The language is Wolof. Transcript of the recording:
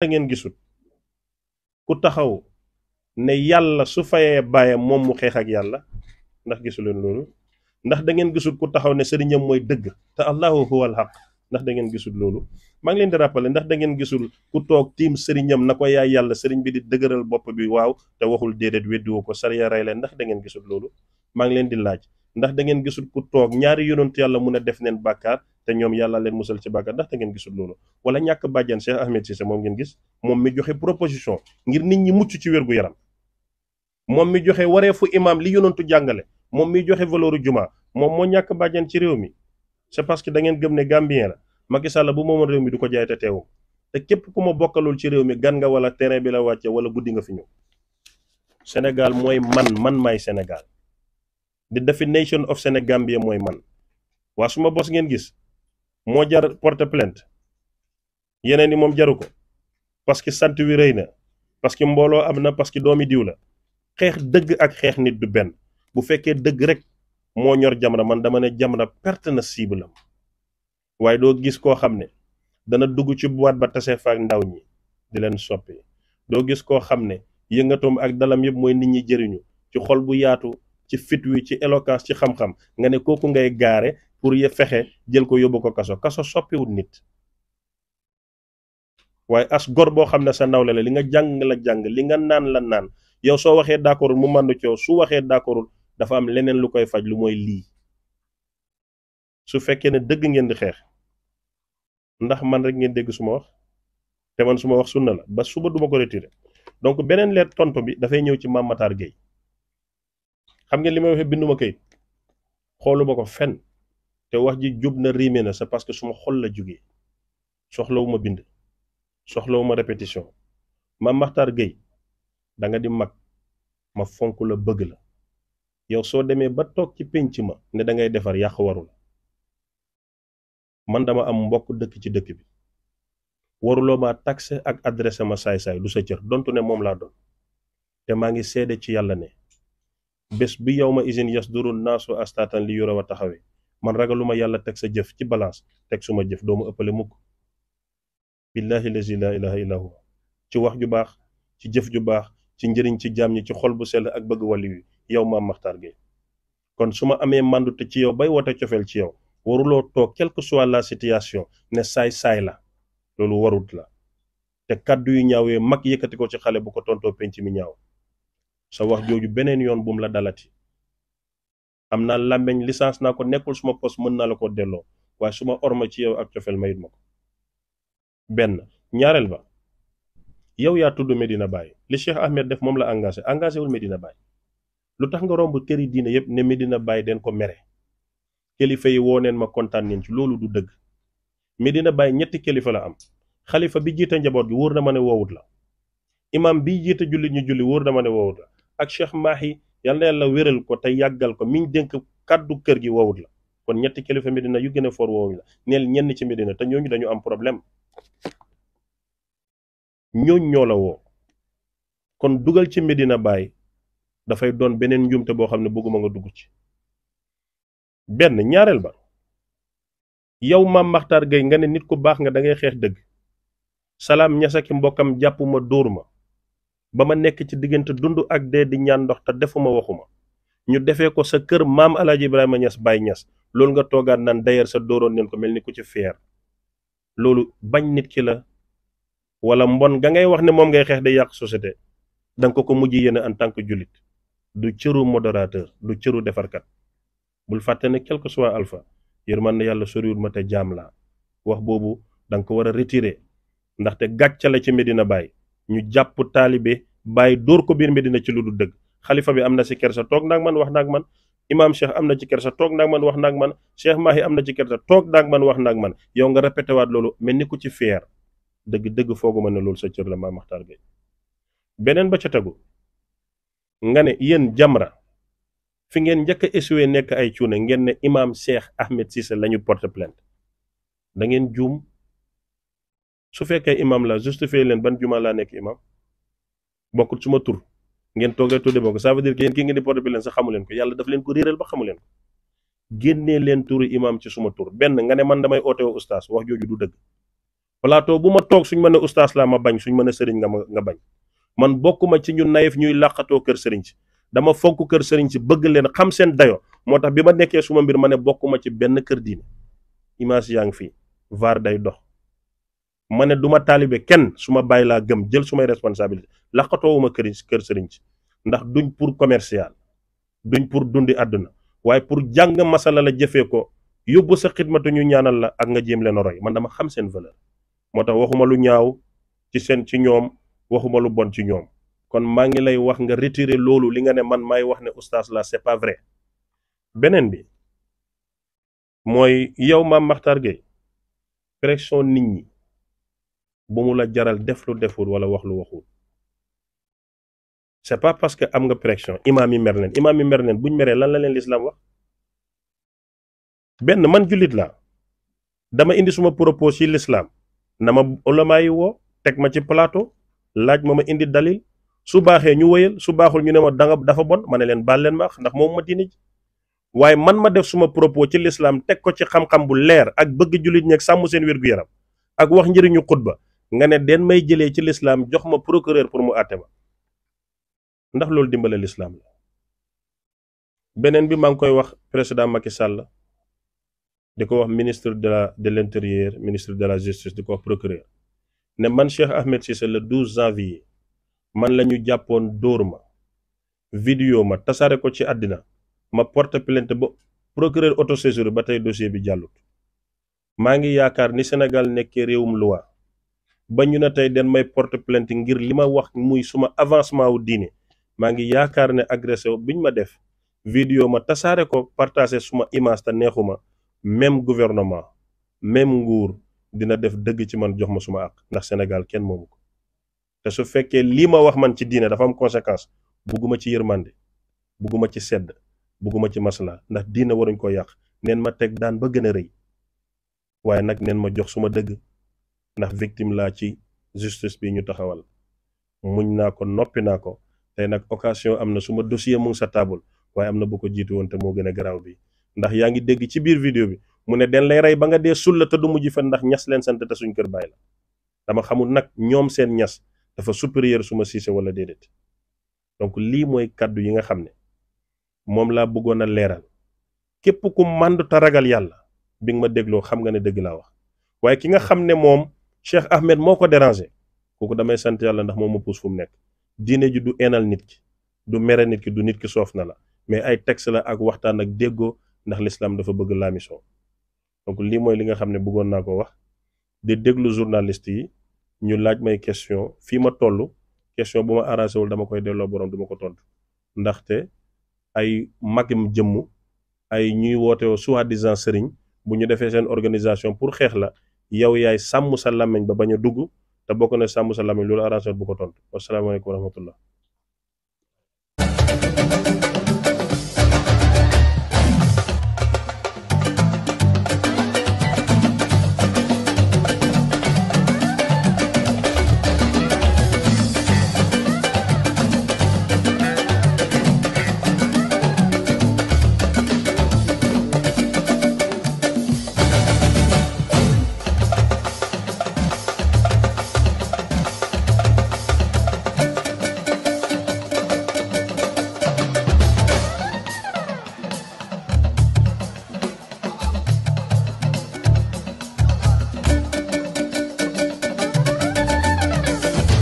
la ngeen gisul ku taxaw ne yàlla su fayee baayam moom mu xeex ak yàlla ndax gisuleen loolu ndax da ngeen gisul ku taxaw ne sëriñam mooy dëgg te allahu huwa alxaq ndax da ngeen gisul loolu maa ngi leen di rappeler ndax da ngeen gisul ku toog tiim sëriñam na ko yaay yàlla sëriñ bi di dëgëral bopp bi waaw te waxul déedéet weddiwu ko sariya rey leen ndax da ngeen gisul loolu maa ngi leen di laaj ndax da ngeen gisul ku toog ñaari yonentu yàlla mun a def neen bàkkaar te ñoom yàlla leen musal ci bàkkaar ndax da ngeen gisul loolu wala ñàkk bàjjan Cheikh Ahmed Cissé moom ngeen gis moom mi joxe proposition ngir nit ñi mucc ci wér-gu-yaram moom mi joxe waree fu imaam li yonentu jàngale moom mi joxe valeuru jumaa moom moo ñàkk bàjjan ci réew mi c'est parce que da ngeen gëm ne gambien la Macky Sall bu moomoon réew mi du ko jaay te teewum te képp ku ma bokkalul ci réew mi gan nga wala terrain bi la wàcce wala guddi nga fi ñëw mooy man man maay Sénégal the definition of Senegambia mooy man waa suma bos ngeen gis moo jar porter plainte yeneen yi moom jaru ko parce que sant wi rëy na parce que mbooloo am na parce que doomi diw la xeex dëgg ak xeex nit du benn bu fekkee dëgg rek moo ñor Jamra man dama ne Jamra perte na cible am waaye doo gis koo xam ne dana dugg ci boîte ba tase fa ndaw ñi di leen soppi doo gis koo xam ne yëngatoom ak dalam yëpp mooy nit ñi jëriñu ci xol bu yaatu ci fit wi ci éloquence ci xam-xam nga ne kooku ngay gaare pour ya fexe jël ko yóbbu ko kaso kaso soppiwut nit waaye as gor boo xam ne sa nawle la li nga jàng la jàng li nga naan la naan yow soo waxee d'accordul mu màndu coow su waxee d'accordul dafa am leneen lu koy faj lu mooy lii su fekkee ne dëgg ngeen di xeex ndax man rek ngeen dégg suma wax te man su ma wax sunna la ba suba duma ko retiré donc beneen leer tontu bi dafay ñëw ci Mame Matar xam ngeen li may waxee binduma kayit xooluma ko fenn te wax ji jub na riime na sa parce que suma xol la jugee soxlawuma bind soxlawuma répétition ma maxtar Gueye danga di mag ma fonk la bëgg la yow soo demee ba toog ci pénc ma ne da ngay defar yàq warul man dama am mbokk dëkk ci dëkk bi waruloo ma taxe ak adressé ma saay-saay du sa cër dontu ne moom laa doon te maa ngi seede ci yàlla ne bés bi yow ma isin yasduru naasu astatan li yura wa taxawe man ragaluma yàlla teg sa jëf ci balance teg suma jëf doomu ëppale mukk billahi lazi la ilaha illa huwa ci wax ju baax ci jëf ju baax ci njëriñ ci jaam ñi ci xol bu sell ak bëgg wàlli wi yow maam Makhtar Gueye kon su ma amee màndute ci yow bay wote cofeel ci yow waruloo toog quelle que la situation ne saay-saay la loolu warut la te kàddu yu ñaawee mag yëkkati ko ci xale bu ko tontoo penc mi ñaaw sa wax jooju beneen yoon bu mu la dalati am na làmmeñ licence naa ko nekkul suma pos mën naa la ko delloo waaye suma orma ci yow ak cofeel mayit ma ko benn ñaareel ba yow yaa tudd Medina bàyyi li Cheikh Ahmed def moom la engagé engagé wul Medina Baye lu tax nga romb këri diine yépp ne Medina bàyyi den ko mere kilifa yi woo neen ma kontaan nañ ci loolu du dëgg Medina bàyyi ñetti kilifa la am xalifa bi jiite njaboot gi wër na ma ne woowut la imam bi jiite jullit ñu julli wóor na ma ne woowut ak Cheikh Mahi yal na yàlla wéral ko te yàggal ko mi dénk kàddu kër gi wowut la kon ñetti kilifa Medina yu gën a foor wowuñ la neel ñenn ci Medina te ñooñu dañu am problème ñooñ ñoo woo kon dugal ci Medina bàyyi dafay doon beneen njuumte boo xam ne bëgguma nga dugg ci benn ñaareel ba yow maam Makhtar nga ne nit ku baax nga dangay xeex dëgg salaam ñasaki mbokkam jàppuma dóoruma ba ma nekk ci diggante dund ak dee di ñaan ndox te defuma waxuma ñu defee ko sa kër maam El Hadj Ibrahima Niass Baye Niass loolu nga toogaat naan d'ailleurs sa dooroon neen ko mel ni ku ci feer loolu bañ nit ki la wala mbon ga ngay wax ne moom ngay xeex de yàq société danga ko ko mujj yéene en tant que jullit du cëru modérateur du cëru defarkat bul fàtte ne quelque que soit alpha yërman na yàlla soriwul ma te jaam laa wax boobu danga ko war a retirer ndaxte gàcce la ci Medina Baye ñu jàpp taalibe bàyyi dóor ko biir dina ci lu dul dëgg xalifa bi am na si kersa toog naag man wax naag man imaam cheikh am na ci kersa toog naag man wax naag man cheikh yi am na ci kersa toog naag man wax naag man yow nga répété waat loolu mel ni ku ci feer dëgg dëgg fooguma ne loolu sa cër la Mame Makhtar beneen ba ca tegu nga ne yéen jamra fi ngeen njëkk a nekk ay cuune ngeen ne imaam cheikh Ahmed Cissé la ñu porte plainte dangeen juum su fekkee imaam la justifié leen ban juma laa nekk imaam bokkul suma tur ngeen toog rek tudde bokk ça veut dire que yéen ki ngeen di sa plainte xamu leen ko yàlla daf leen ko réeral ba xamu leen ko génnee leen turu imaam ci suma tur benn nga ne man damay oote woo ustaas wax jooju du dëgg walaato bu ma toog suñ ma ne ustaas laa ma bañ suñ ma ne sëriñ nga ma nga bañ man bokkuma ci ñu nayef ñuy làqatoo kër sëriñ si dama fonk kër sëriñ si bëgg leen xam seen dayo moo tax bi ma nekkee suma mbir ma ne bokk ma ci benn kër diine image yaa ngi fii vaar day dox ma ne duma ma kenn su ma bàyyi laa gëm jël sumay responsabilité laqatoowuma kër kër sëriñ ci ndax duñ pour commercial duñ pour dundi àdduna waaye pour jàng masala la jëfee ko yóbbu sa xidmatu ñu ñaanal la ak nga jéem leen a roy man dama xam seen valeur moo tax waxuma lu ñaaw ci seen ci ñoom waxuma lu bon ci ñoom kon maa ngi lay wax nga retirer loolu li nga ne man may wax ne oustaz la c'est pas vrai beneen bi mooy yow maam maxtar Gueye pression nit ñi bu la jaral def lu deful wala wax lu waxul c'est pas parce que am nga pression imaam yi mer leen imaam yi mer leen buñ meree lan la leen lislaam wax benn man jullit laa dama indi suma propos ci lislaam na ma ulamaa woo teg ma ci plateau laaj ma ma indi dalil su baaxee ñu wëyal su baaxul ñu ne ma danga dafa bon ma ne leen baal leen ma ndax moom ma diine ji waaye man ma def suma propos ci lislaam teg ko ci xam-xam bu leer ak bëgg jullit ñeeg sàmm seen wér-gu-yaram ak wax njëriñu xutba nga ne den may jëlee ci lislaam jox ma procureur pour mu àtte ma ndax loolu dimbale lislaam la beneen bi maa ngi koy wax président Macky Sall di ko wax ministre de la de l'intérieur ministre de la justice di ko wax procureur ne man Cheikh Ahmed Cissé le 12 janvier man la ñu jàppoon dóor ma vidéo ma tasaare ko ci àddina ma porte plainte ba procureur auto-saisine ba tey dossier bi jàllut maa ngi yaakaar ni Sénégal nekkee réewum loi ba ñu ne tey den may porte plainte ngir li ma wax muy suma avancement wu diine maa ngi yaakaar ne bi ñu ma def vidéo ma tasaare ko partagé suma image te neexuma même gouvernement même nguur dina def dëgg ci man jox ma suma àq ndax Sénégal kenn moomu ko te su fekkee lii ma wax man ci diine dafa am conséquence bugguma ci yërmande bugguma ci sedd bugguma ci masla ndax diine waruñ ko yàq neen ma teg daan ba gën a rëy waaye nag neen ma jox suma dëgg ndax victime laa ci justice bi ñu taxawal muñ naa ko noppi naa ko te nag occasion am na suma ma dossier sa table waaye am na bu ko jiitu woon te moo gën a garaaw bi ndax yaa ngi dégg ci biir vidéo bi mu ne den lay rey ba nga dee sulla te du mujj fan ndax ñas leen sant te suñ kër bàyyi la dama xamul nag ñoom seen ñas dafa supérieur suma ma siise wala déedéet donc lii mooy kàddu yi nga xam ne moom laa bëggoon a leeral képp ku màndu te ragal yàlla bi ma dégloo xam ne dëgg laa wax Cheikh Ahmed moo ko dérangé kooku damay sant yàlla ndax moom ma puus fu mu nekk dine ji du enal nit ki du mere nit ki du nit ki soof na la mais ay texte la ak waxtaan ak déggoo ndax l'islam dafa bëgg la mission donc lii mooy li nga xam ne bëggoon naa ko wax di déglu journaliste yi ñu laaj may question fii ma toll question bu ma arrangé wul dama koy delloo borom duma ko tontu ndaxte ay magim jëmm ay ñuy woote soi-disant sëriñ bu ñu defee seen organisation pour xeex la yow yaay sàmm sa làmmiñ ba bañ dugg te bokk na sàmm sa làmmiñ la arrangé bu ko tontu wasalaamaaleykum wa rahmatullah